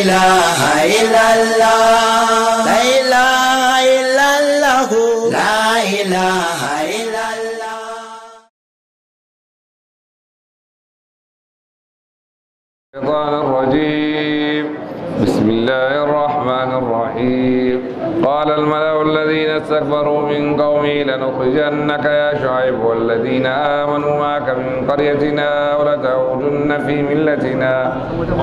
إله إلا الله لا إله إلا الله لا إله إلا الله الرجيم قال الملأ الذين استكبروا من قومه لنخرجنك يا شعيب والذين آمنوا معك من قريتنا ولتعودن في ملتنا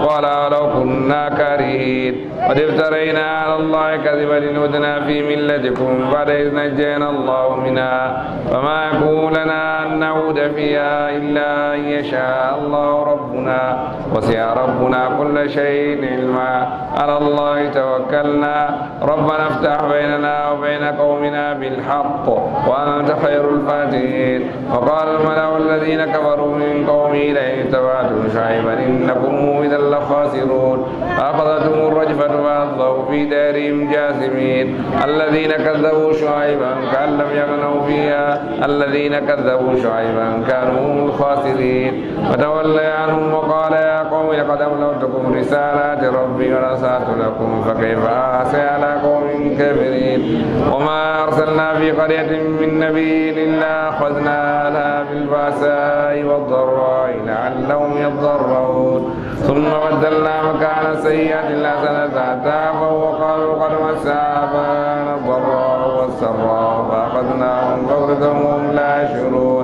قال لو كنا كارهين قد افترينا على الله كذبا لنودنا في ملتكم بعد إذ نجينا الله منها فما يكون لنا أن نعود فيها إلا أن يشاء الله ربنا وسع ربنا كل شيء علما على الله توكلنا ربنا افتح افتح بيننا وبين قومنا بالحق وأنت خير الفاتحين وقال الملأ الذين كفروا من قومي لئن اتبعتم شعيبا إنكم إذا لخاسرون أخذتهم الرجفة فأصبحوا في دارهم جاثمين الذين كذبوا شعيبا كأن لم يغنوا فيها الذين كذبوا شعيبا كانوا هم الخاسرين وتولى عنهم وقال يا قوم لقد أبلغتكم رسالات ربي ونصحت لكم فكيف آسى على قوم الكافرين وما أرسلنا في قرية من نبي إلا أخذنا لها بالبأساء والضراء لعلهم يضرعون ثم بدلنا مكان إلا الحسنة حتى وقالوا قد مس آبانا الضراء والسراء فأخذناهم بغتة وهم لا يشعرون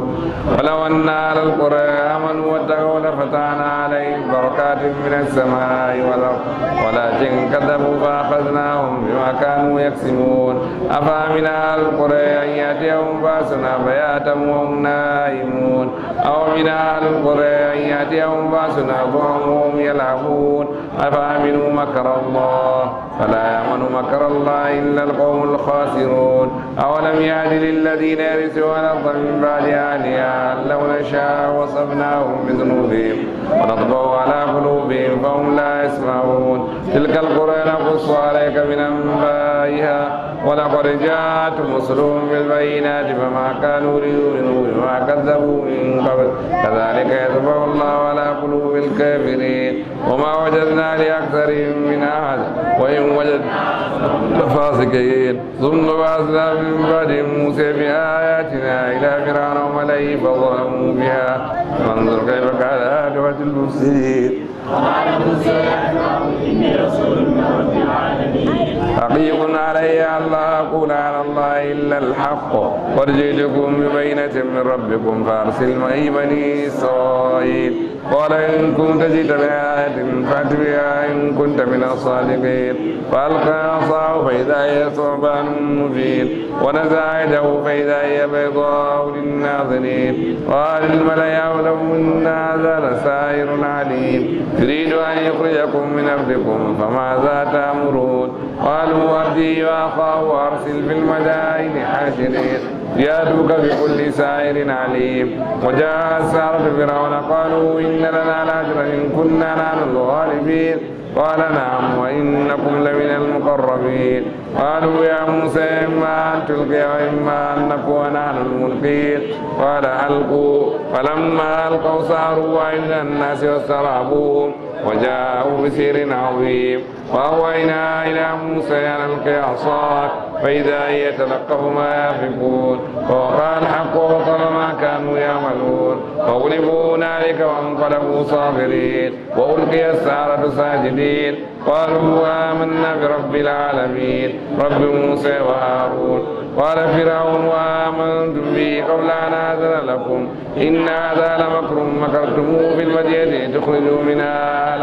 ولو أن أهل القرى آمنوا واتقوا لفتحنا عليهم بركات من السماء والأرض ولكن كذبوا فأخذناهم بما كانوا يكسبون أفأمن أهل القرى أن يأتيهم بأسنا بياتم وهم نائمون أو من أهل القرى أن يأتيهم بأسنا وهم يلعبون أفأمنوا مكر الله فلا يأمن مكر الله إلا القوم الخاسرون أولم يهد للذين يرثون الأرض من بعد أهلها لو نشاء وصفناهم بذنوبهم ونطبعوا على قلوبهم فهم لا يسمعون تلك القرى نقص عليك من أنبائها ولقد جاءت مسلم بالبينات فما كانوا ليؤمنوا بما كذبوا من قبل كذلك يتبع الله على قلوب الكافرين وما وجدنا لأكثرهم من أحد وإن وجدنا فاسقين ثم بعثنا من بعد موسى بآياتنا إلى فرعون وملئه كيف ظلموا بها فانظر كيف فعل عاقبة المفسدين قال موسى يا فرعون إني رسول من رب العالمين حقيق علي لا أقول على الله إلا الحق قد جئتكم ببينة من ربكم فأرسل معي بني إسرائيل قال إن كنت جئت بآية فأت بها إن كنت من الصادقين فألقى عصاه فإذا هي ثعبان مبين ونزع يده فإذا هي بيضاء للناظرين قال الملأ يعلم إن هذا لسائر عليم يريد أن يخرجكم من أرضكم فماذا تأمرون قالوا أبدي وأخاه وأرسل في المدائن حاشرين يأتوك بكل سائر عليم وجاء السارة فرعون قالوا إن لنا لأجرا إن كنا نحن الغالبين قال نعم وإنكم لمن المقربين قالوا يا موسى إما أن تلقي وإما أن نكون نحن الملقين قال ألقوا فلما ألقوا ساروا عند الناس واسترهبوهم وجاءوا بسير عظيم وأوينا إلى موسى أن ألقي عصاك فإذا هي تلقف ما يعرفون وقال الحق وصل ما كانوا يعملون فغلبوا هنالك وانقلبوا صاغرين وألقي السارة ساجدين قالوا آمنا برب العالمين رب موسى وهارون قال فرعون وآمنتم به قبل أن آذن لكم إن هذا لمكر مكرتموه في المدينة تخرجوا منها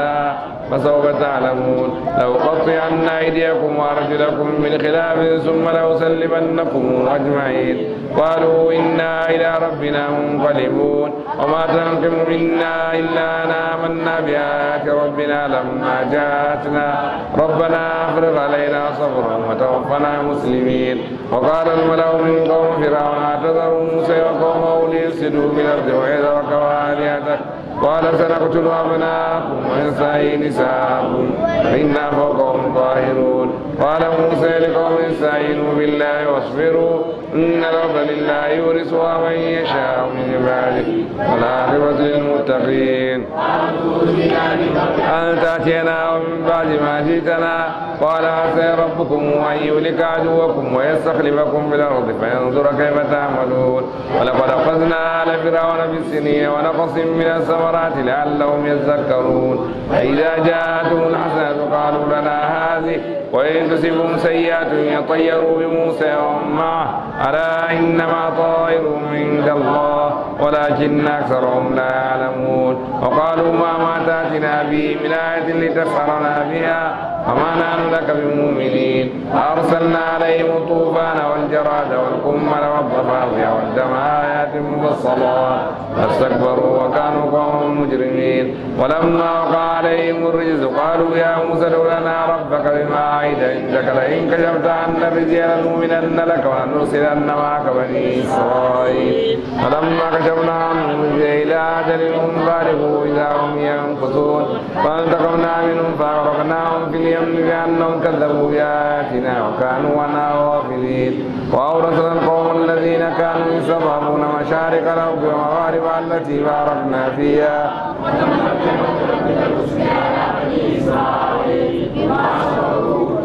فسوف تعلمون لو قطعن أيديكم وأرجلكم من خلاف ثم لأسلمنكم أجمعين قالوا إنا إلى ربنا منقلبون وما تنقم منا إلا أن آمنا بآيات ربنا لما جاءتنا ربنا أفرغ علينا صبرا وتوفنا مسلمين وقال الملأ من قوم فرعون أتذر موسى وقومه ليفسدوا في الأرض ويذرك وآلهتك قال سنقتل أبناءكم ونستحيي نساءكم فإنا فوقهم قاهرون قال موسى لقوم استعينوا بالله واصبروا إن الأرض لله يورثها من يشاء من عباده والعاقبة للمتقين أن تأتينا ومن بعد ما جئتنا قال عسى ربكم أن يهلك عدوكم ويستخلفكم في الأرض فينظر كيف تعملون ولقد أخذنا على فرعون بالسنين ونقص من الثمرات لعلهم يذكرون فإذا جاءت وإن تصبهم سيئات يطيروا بموسى ومن ألا إنما طائرهم عند الله ولكن أكثرهم لا يعلمون وقالوا ما ما تاتنا به من آية لتسحرنا بها وما نحن لك بمؤمنين أرسلنا عليهم الطوفان والجراد والقمل والضفادع والدم آيات مفصلات فاستكبروا وكانوا قوما مجرمين ولما وقع عليهم الرجز قالوا يا موسى لنا ربك بما عهد عندك لئن كشفت عنا الرجز لنؤمنن لك ولنرسلن معك بني إسرائيل فلما كشفنا عنهم إلى أجل هم بالغوا إذا هم ينقصون فانتقمنا منهم فأغرقناهم في نجزيهم بأنهم كذبوا بآياتنا وكانوا عنها غافلين وأورثنا القوم الذين كانوا يستضعفون مشارق الأرض ومغاربها التي باركنا فيها وتمتعوا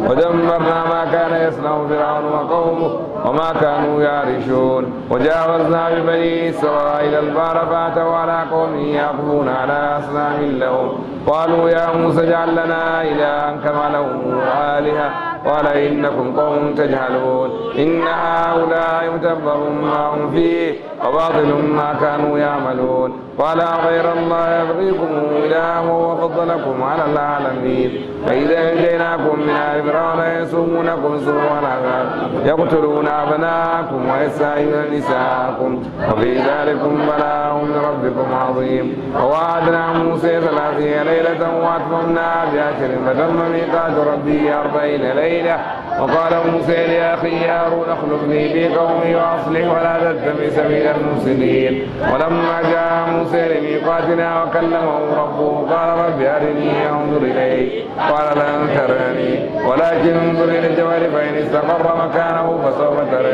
ودمرنا ما كان يصنع فرعون وقومه وما كانوا يعرشون وجاوزنا ببني إسرائيل البار فأتوا على قوم يعقفون على أصنام لهم قالوا يا موسى اجعل لنا إلها كما لهم آلهة قال إنكم قوم تجهلون إن هؤلاء متبر ما هم فيه وباطل ما كانوا يعملون قال غير الله يبغيكم إله وفضلكم على العالمين فإذا أنجيناكم من آل فرعون يسومونكم سوء العذاب يقتلون أبناءكم ويستحيون نساءكم وفي ذلكم بلاء من ربكم عظيم ووعدنا موسى ثلاثين ليلة وأتممنا بعشر فتم ميقات ربي أربعين ليلة ليلة وقال موسى لأخي هارون اخلفني في قومي وأصلح ولا تتبع سبيل المفسدين ولما جاء موسى لميقاتنا وكلمه ربه قال رب أرني أنظر إليك قال لن تراني ولكن انظر إلى الجبل فإن استقر مكانه فسوف تراني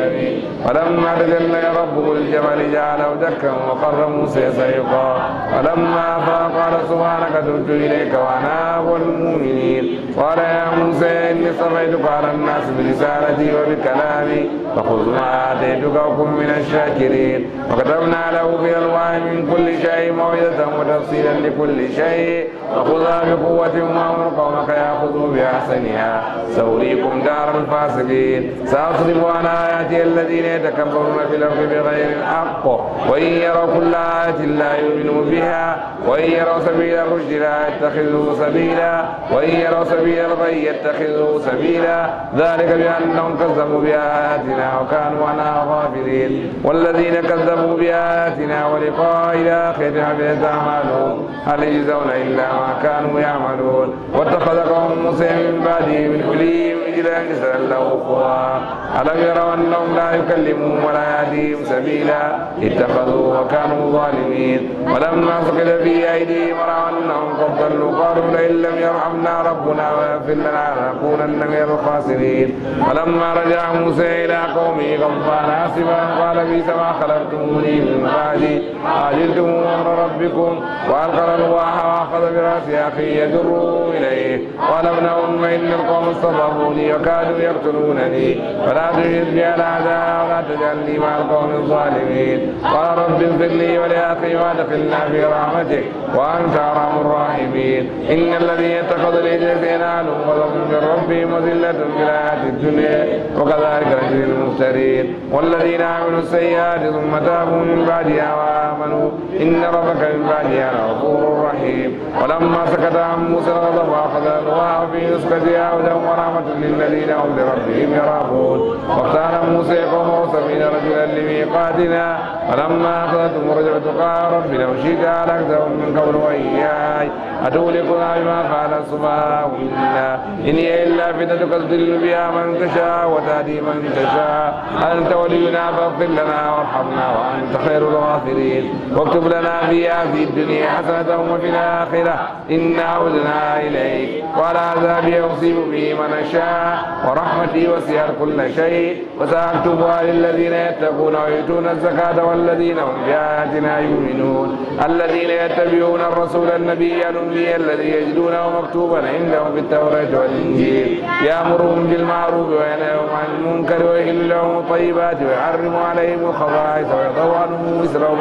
فلما تجلى ربه للجبل جعله دكا وقر موسى سيقا فلما فاق قال سبحانك تبت إليك وأنا أول المؤمنين قال يا موسى إني اصطفيتك على الناس برسالتي وبكلامي فخذ ما آتيتك وكن من الشاكرين وكتبنا له في الألواح من كل شيء موعظة وتفصيلا لكل شيء فخذها بقوة وأمر قومك يأخذوا بأحسنها سأريكم دار الفاسقين سأصرف عن آياتي الذين يتكبرون في الأرض بغير الحق وإن يروا كل آية لا يؤمنوا بها وإن يروا سبيل الرشد لا يتخذوه سبيلا وإن يروا سبيل الغي يتخذوه سبيلا ذلك بأنهم كذبوا بآياتنا وكانوا عنها غافلين والذين كذبوا بآياتنا ولقاء الآخرة حبطت أعمالهم هل يجزون إلا ما كانوا يعملون واتخذ قوم موسى من بعده من حليم رجلا جسدا له خوى ألم يروا أنهم لا يكلمهم ولا يهديهم سبيلا اتخذوا وكانوا ظالمين ولما سكت في أيديهم رأوا أنهم قد ضلوا قالوا لئن لم يرحمنا ربنا ويغفر لنا لنكونن من الخاسرين ولما رجع موسى إلى قومه غضبان آسفا قال في سما خلقتموني من بعدي عجلتم أمر ربكم وألقى الواح وأخذ برأس أخي يجره إليه قال ابن أم إن القوم استضعفوني عني يكادوا يقتلونني فلا تجد بي الاعداء ولا تجعلني مع القوم الظالمين قال رب اغفر لي ولاخي وادخلنا في رحمتك وانت ارحم الراحمين ان الذين اتخذوا الاجر ينالهم وظلم من ربهم وذله في الحياه الدنيا وكذلك نجزي المفترين والذين عملوا السيئات ثم تابوا من بعدها وامنوا ان ربك من بعدها لغفور رحيم ولما سكت عن موسى الغضب واخذ الله في نسكتها هدى ورحمه الذين هم لربهم يراهون واختار موسى قومه سبعين رجلا لميقاتنا فلما أخذتهم الرجعة قال رب لو شئت أهلكتهم من قبل وإياي أتولقنا بما فعل السفهاء منا إن هي إلا فتنتك تضل بها من تشاء وتهدي من تشاء أنت ولينا فاغفر لنا وارحمنا وأنت خير الغافرين واكتب لنا في هذه الدنيا حسنة وفي الآخرة إنا عدنا إليك ولا ذا يصيب به من شاء ورحمتي وسعت كل شيء وسأكتبها للذين يتقون ويؤتون الزكاة والذين هم بآياتنا يؤمنون الذين يتبعون الرسول النبي الأمي الذي يجدونه مكتوبا عندهم في التوراة والإنجيل يأمرهم بالمعروف وينهاهم عن المنكر ويحل لهم الطيبات ويحرم عليهم الخبائث ويضع عنهم وزرهم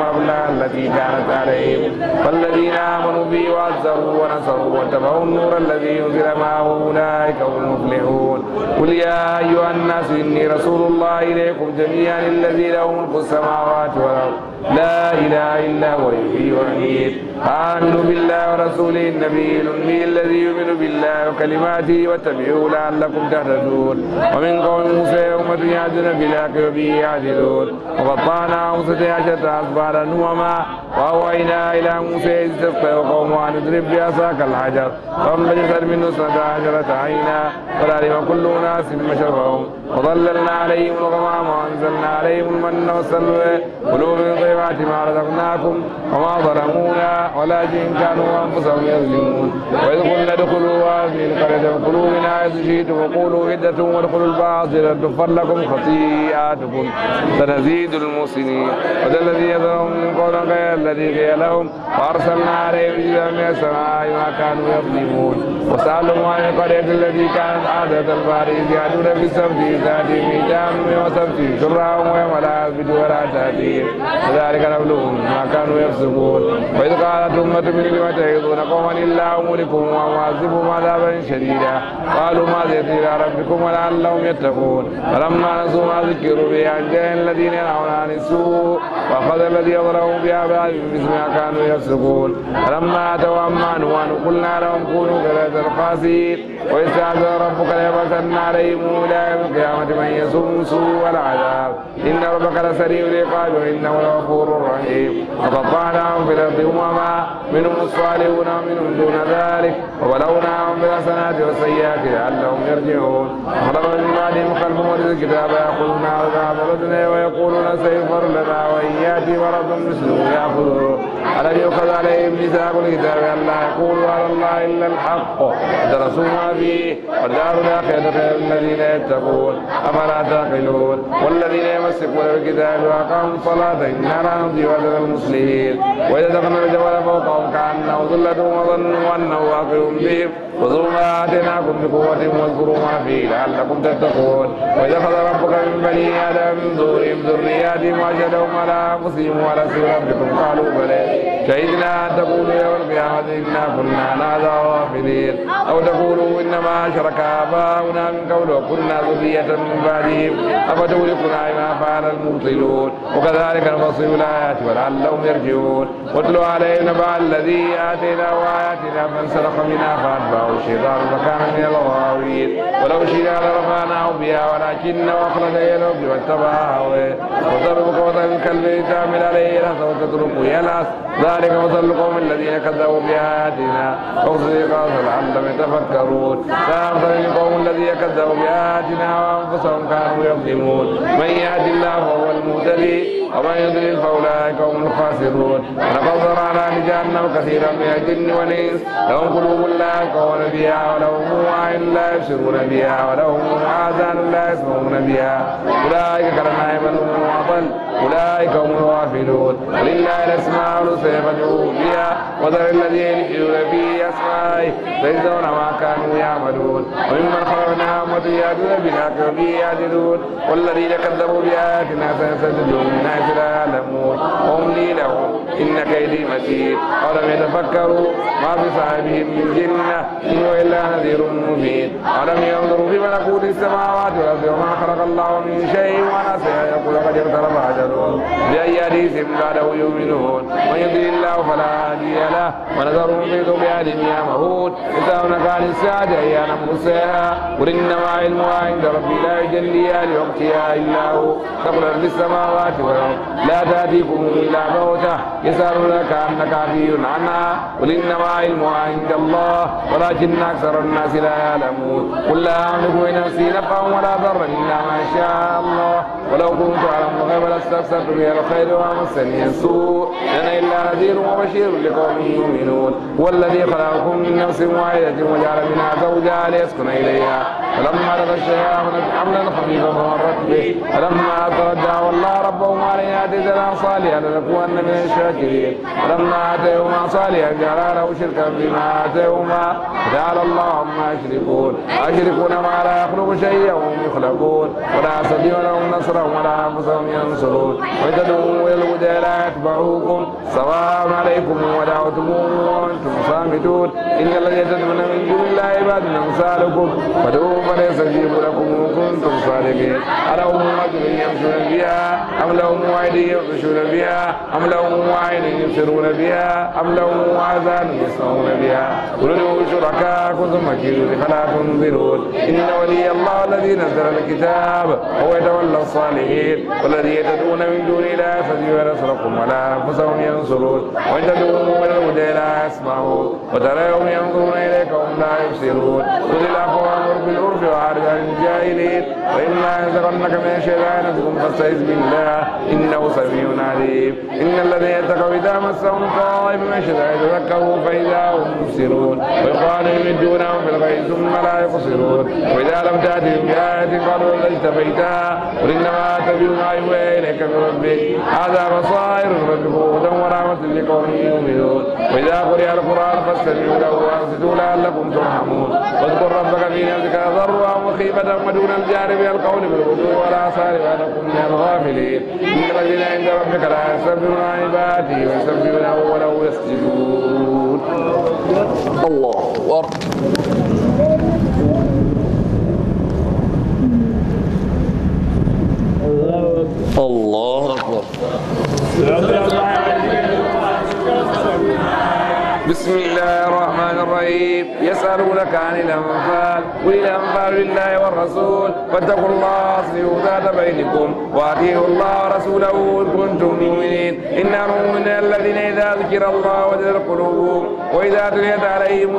التي كانت عليهم فالذين آمنوا به وعزروا ونصروا واتبعوا النور الذي أنزل معه أولئك هم المفلحون يشركون قل يا أيها الناس إني رسول الله إليكم جميعا الذي له ملك السماوات والأرض لا إله إلا هو يحيي ويميت آمنوا بالله ورسوله النبي الأمي الذي يؤمن بالله وكلماته واتبعوه لعلكم تهتدون ومن قوم موسى يوم يهدون بالحق وبه يعدلون وقطعناهم موسى عشرة أصبارا نوما وأوحينا إلى موسى إذ استسقاه قومه أن اضرب بعصاك الحجر جسد منه اثنتا عشرة عينا فلا كل أناس مشربهم وظللنا عليهم الغمام وأنزلنا عليهم المن والسلوى كلوا من طيبات ما رزقناكم وما ظلمونا ولكن كانوا أنفسهم يظلمون وإذ قلنا ادخلوا هذه القرية فكلوا من حيث شئتم وقولوا عدة وادخلوا الباطل تغفر لكم خطيئاتكم سنزيد المسلمين وذا الذي يذرهم من قول غير الذي قيل لهم وأرسلنا عليهم الى من السماء ما كانوا يظلمون وسالهم عن القرية التي كانت عادة الفارس يعدون في السبت الزكاة ميتان وسبت شرا ولا عبد ولا تعديل وذلك نبلهم ما كانوا يفسقون وإذ قالت أمة من لم تعظون قوما الله ملكهم ومعذبهم عذابا شديدا قالوا ما زيتي إلى ربكم ولعلهم يتقون فلما نسوا ما ذكروا به أنجى الذين ينهون عن السوء وأخذ الذي يضرهم بآبائهم باسم ما كانوا يفسقون فلما أتوا عما نهوا قلنا لهم كونوا كذلك الخاسرين وإذ ربك ليبعثن عليهم إلى يوم القيامة القيامة من يسوم سوء العذاب إن ربك لسريع العقاب وإنه لغفور رحيم وقطعناهم في الأرض أمما منهم الصالحون ومنهم دون ذلك وبلوناهم بالحسنات والسيئات لعلهم يرجعون وخلق من بعدهم خلف ورث الكتاب يأخذون عذاب ردنا ويقولون سيغفر لنا وإن يأتي مرض مثله يأخذه ألم يؤخذ عليهم كتاب الكتاب أن لا يقولوا على الله إلا الحق درسوا ما فيه والدار الآخرة خير الذين يتقون أفلا تعقلون والذين يمسكون بالكتاب وأقاموا الصلاة إنا لا نضيع أجر المصلحين وإذا دخلنا الجبل فوقهم كأنه ظلة وظنوا أنه واقع بهم وذروا ما آتيناكم بقوة واذكروا ما فيه لعلكم تتقون وإذا أخذ ربك من بني آدم من ظهورهم ذرياتهم وأشهدهم على أنفسهم ولست ربكم قالوا بلى شهدنا أن تقولوا يوم القيامة إنا كنا عن غافلين أو تقولوا إنما أشرك آباؤنا من قبل وكنا ذرية من بعدهم أفتهلكنا بما فعل المبطلون وكذلك نفصل الآيات ولعلهم يرجعون واتل علينا نبع الذي آتيناه آياتنا فانسلخ منها فأتبعه الشيطان فكان من الغاوين ولو شئنا لرفعناه بها ولكن أخرج إلى الأرض واتبع هواه وضربك وضرب الكلب لتعمل عليه الأسى وتتركه يلعث كذلك مثل القوم الذين كذبوا بآياتنا واخزي قاسا لعلهم يتفكرون ساء القوم الذين كذبوا بآياتنا وأنفسهم كانوا يظلمون من يهد الله هو المهتدي ومن يضلل فاولئك هم الخاسرون ولقد في لجهنم كثيرا من الجن والانس لهم قلوب لا يكون بها ولهم اعين لا يبصرون بها ولهم اذان لا يسمعون بها اولئك كالنعيم هم اضل اولئك هم الغافلون ولله الاسماء الحسنى فادعوه بها وذر الذين يحيون في أسمائه سيجزون ما كانوا يعملون وممن خلقنا أمة بنا بالحق يعدلون والذين كذبوا بآياتنا سنسجدهم من حيث لا يعلمون لي لهم إن كيدي متين ولم يتفكروا ما في صاحبهم من جنة إن هو إلا نذير مبين ولم ينظروا في ملكوت السماوات والأرض وما خلق الله من شيء وأنا سيقول قد اقترب أجلهم بأي حديث بعده يؤمنون ومن يضلل الله فلا هادي تعالى ونذرهم في طغيانهم مهود يسألونك عن الساعة أيان مرساها قل إنما علمها عند ربي لا يجليها لوقتها إلا هو تقرر في السماوات والأرض لا تأتيكم إلا موتة يسألونك أنك عفي عنها قل إنما علمها عند الله ولكن أكثر الناس لا يعلمون قل لا أملك لنفسي نفعا ولا ضرا إلا ما شاء الله ولو كنت اعلم الغيب لاستفسرت به الخير وما مسني السوء انا الا نذير وبشير لقوم يؤمنون هو الذي خلقكم من نفس واحده وجعل منها زوجها ليسكن اليها فلما تغشاها اخذت حملا خفيفا فمرت به فلما اثرت دعوا الله ربهم علينا اتيتنا صالحا لنكون من الشاكرين فلما اتيهما صالحا جعل له شركا فيما اتيهما تعالى اللهم يشركون اشركون ما لا يخلق شيئا وهم يخلقون ولا يستطيع لهم نصرا أنفسهم ولا أنفسهم ينصرون وجدوا إلى الهدى لا يتبعوكم سلام عليكم ودعوتم وأنتم صامتون إن الذي تدعون من دون الله عباد أمثالكم فادعوهم فليستجيبوا لكم وكنتم صادقين ألهم رجل يمشون بها أم لهم أيدي يغشون بها أم لهم أعين يبصرون بها أم لهم آذان يسمعون بها قل ادعوا شركاءكم ثم كيدوني فلا تنظرون إن ولي الله الذي نزل الكتاب هو يتولى الصالحين الصالحين والذي تدعون من دون الله يستجيب نصركم ولا أنفسهم ينصرون وإن تدعوهم إلى الهدى لا يسمعون وتراهم ينظرون إليك وهم لا يبصرون خذ العفو وأمر بالعرف وأعرض عن الجاهلين وإما ينزغنك من الشيطان نزغ فاستعذ بالله إنه سميع عليم إن الذين يتقوا إذا مسهم طائف من الشيطان يتذكروا فإذا هم مبصرون ويقال يمدونهم في الغيث ثم لا يبصرون وإذا لم تأتهم بآية قالوا لجت بيتها قل إنما أتبع ما يوحى إليك من ربي هذا بصائر ربك وهدى ورحمة لقوم يؤمنون وإذا قرئ القرآن فاستمعوا له وأنصتوا لعلكم ترحمون واذكر ربك في نفسك ضرا وخيبة ودون الجار من القول بالغدو والآثار وأنكم من الغافلين إن الذين عند ربك لا يستكبرون عن عباده له ولو يسجدون الله أكبر الله أكبر بسم الله الرحمن الرحيم يسألونك عن الأنفال قل الأنفال لله والرسول فاتقوا الله أصلحوا ذات بينكم وأطيعوا الله ورسوله إن كنتم مؤمنين إنهم من الذين إذا ذكر الله وجدت قلوبهم وإذا تليت عليهم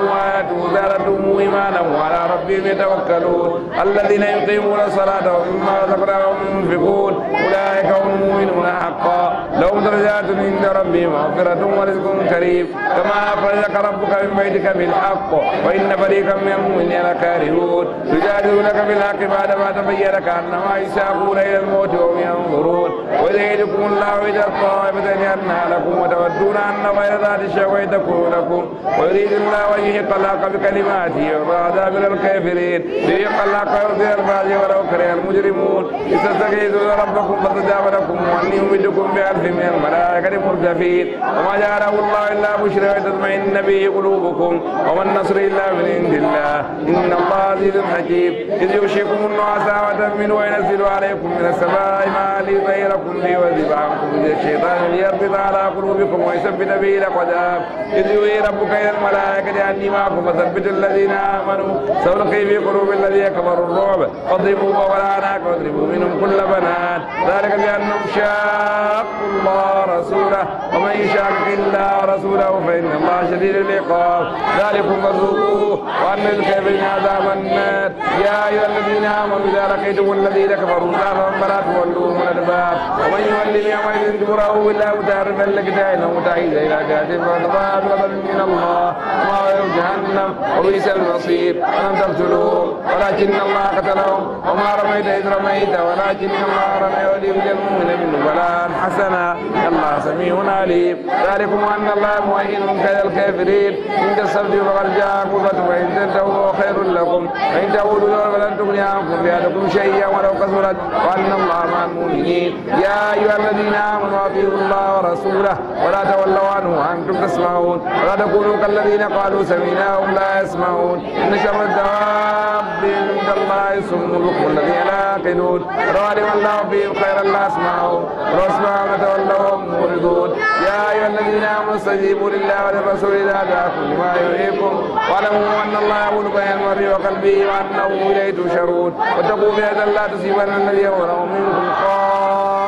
وزارتهم إيمانا وعلى ربهم يتوكلون الذين يقيمون الصلاة ومما رزقناهم ينفقون أولئك هم المؤمنون حقا لهم درجات عند ربهم مغفرة ورزق كريم كما أخرجك ربك من بيتك بالحق وإن فريقا من المؤمنين لكارهون يجادلونك بالحق بعدما تبين لك أنما يساقون إلى الموت وهم ينظرون وإذا يدكم الله إلى الطائفتين أنها لكم وتودون أن غير ذات الشهوة تكون لكم ويريد الله أن يحق الحق حق بكلماته وتعدى من الكافرين ليقلق ويرضي البعض ولو كره المجرمون استستغيثون ربكم فاستجاب لكم واني امدكم بألف من الملائكة المرتفين وما جعله الله الا بشرى وتطمئن به قلوبكم وما النصر الا من عند الله ان الله عزيز حكيم اذ يغشيكم النعاس وتأمنوا وينزل عليكم من السماء ماء ليطيركم ليعذب عنكم الشيطان ليربط على قلوبكم ويثبت به لقدام اذ يوي ربك الى الملائكة اني معكم وثبت الذين آمنوا سنلقي في قلوب الذين كفروا الرعب فاضربوا فوق الأعناق واضربوا منهم كل بنات ذلك بأنهم شاقوا الله رسوله ومن يشاقق الله رسوله فإن الله شديد العقاب ذلكم فذوقوه وأن الكافرين عذاب النار يا أيها الذين آمنوا إذا لقيتم الذين كفروا زارهم فلا تولوهم الأدبار ومن يولي يومئذ دبره إلا متعرفا لقتاله متعيدا إلى كاتب فضاعف من الله وما جهنم وبئس المصير فلم تقتلوه ولكن الله قتلهم وما رميت إذ رميت ولكن الله رمي وليبلي المؤمن منه بلاء حسنا الله سميع عليم ذلكم أن الله مؤين كيد الكافرين إن تصدقوا فقد جاءكم الفتح وإن تنتهوا خير لكم وإن تقولوا فلن تغني عنكم بأدكم شيئا ولو كثرت وأن الله مع المؤمنين يا أيها الذين آمنوا أطيعوا الله ورسوله ولا تولوا عنه وأنتم تسمعون ولا تكونوا كالذين قالوا سمعنا وهم لا يسمعون إن شر الدواب الدين عند الله يصم البكم الذي لا يعقلون رواني والله فيهم خير الله اسمعوا ولو اسمعهم لتولوا معرضون يا ايها الذين امنوا استجيبوا لله وللرسول اذا دعاكم لما يريكم واعلموا ان الله يقول بين المرء وقلبه وانه اليه تشرون واتقوا بهذا لا تصيبن الذين ظلموا منكم خاصه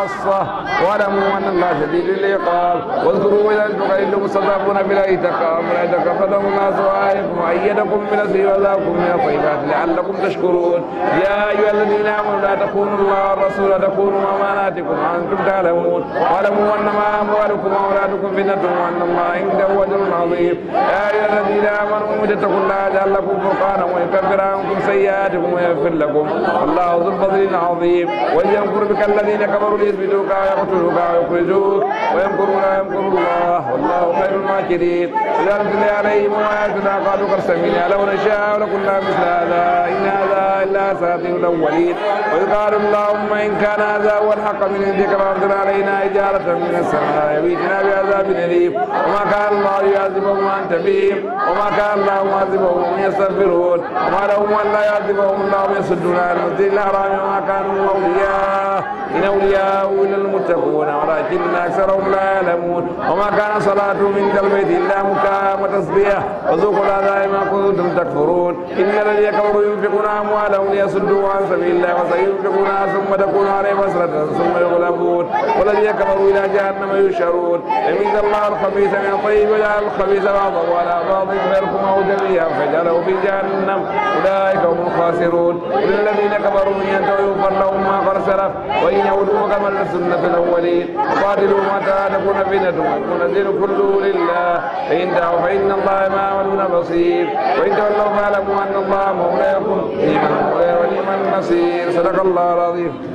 خاصة ولم أن الله شديد العقاب واذكروا إلى الفقراء المستضعفون في الأيتام فأولئك قدموا الناس وآيكم وأيدكم بنصر وذاكم من الطيبات لعلكم تشكرون يا أيها الذين آمنوا لا تخونوا الله والرسول تخونوا أماناتكم وأنتم تعلمون واعلموا أنما أموالكم وأولادكم فتنة وأن الله عنده وجل عظيم يا أيها الذين آمنوا تتقوا الله يجعل لكم فرقانا ويكفر عنكم سيئاتكم ويغفر لكم الله ذو الفضل العظيم وإذ بك الذين كفروا يثبتوك ويقتلوك ويخرجوك ويمكرون يمكر الله والله خير الماكرين فلا تصل عليهم ولا تنا قالوا قد سمينا لو نشاء لقلنا مثل هذا إن هذا إلا أساطير الأولين وإذ قالوا اللهم إن كان هذا هو الحق من عندك فأنزل علينا إجارة من السماء يبيتنا بعذاب أليم وما كان الله يعذبهم وأنت بهم وما كان الله معذبهم وهم يستغفرون وما لهم ألا يعذبهم الله يصدون عن المسجد الحرام وما كانوا أولياء إن أولياء إلا المتقون ولكن أكثرهم لا يعلمون وما كان صلاتهم عند البيت إلا مكة وذكاء وتصبيه وذوقوا العذاب ما كنتم تكفرون إن الذين كفروا ينفقون أموالهم ليصدوا عن سبيل الله وسينفقونها ثم تكون عليهم حسرة ثم يغلبون والذين كفروا إلى جهنم يشرون يميز الله الخبيث من الطيب ولا الخبيث بعضه على بعض غيركم أو جميعا فجعله في جهنم أولئك هم الخاسرون وللذين كفروا إن ينتهوا يغفر لهم ما قد سلف وإن يعودوا كما لسنة الأولين وقاتلوا ما تكون فتنة ويكون الدين كله لله فإن دعوا فإن الله ما عملون بصير وإن تولوا فاعلموا أن الله مولاكم نعم المولى من النصير صدق الله العظيم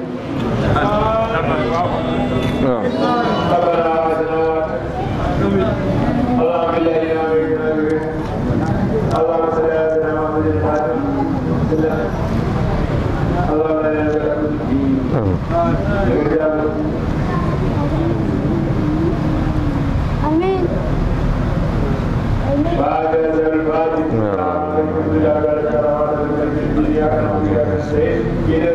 Yeah.